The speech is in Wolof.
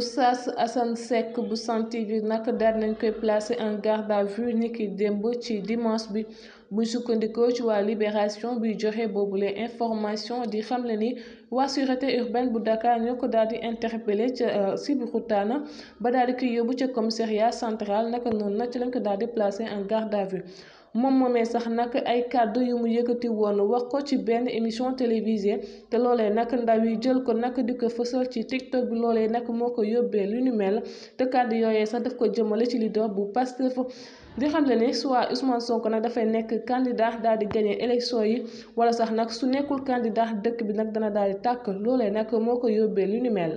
Oustaz Assane Seck bu Sen TV nag daal nañ koy placé en garde à vue niki démb ci dimanche bi buy sukkandikoo ci waa Libération buy joxe boobule information di xam xamle ni waa sûreté urbaine bu Dakar ñoo ko daal di interpellé ca euh, Sébikotane ba daal di koy yóbbu ca commissariat central naka noon na ci lañ ko daal di placé en garde à vue moom moomee sax nag ay kàddu yu mu yëkkati woon wax ko ci benn émission télévisée te loolee nak ndaw yi jël ko nag di ko fësal ci tiktok bi loolee nag moo ko yóbbee lu ni mel te kàddu yooyee sax daf ko jëmale ci leader bu Pastef di xam ne ni soit Ousmane Sonko nag dafay nekk candidat daal di gagné élection yi wala sax nag su nekkul candidat dëkk bi nag dana daal di tàkk loole nag moo ko yóbbee lu ni mel.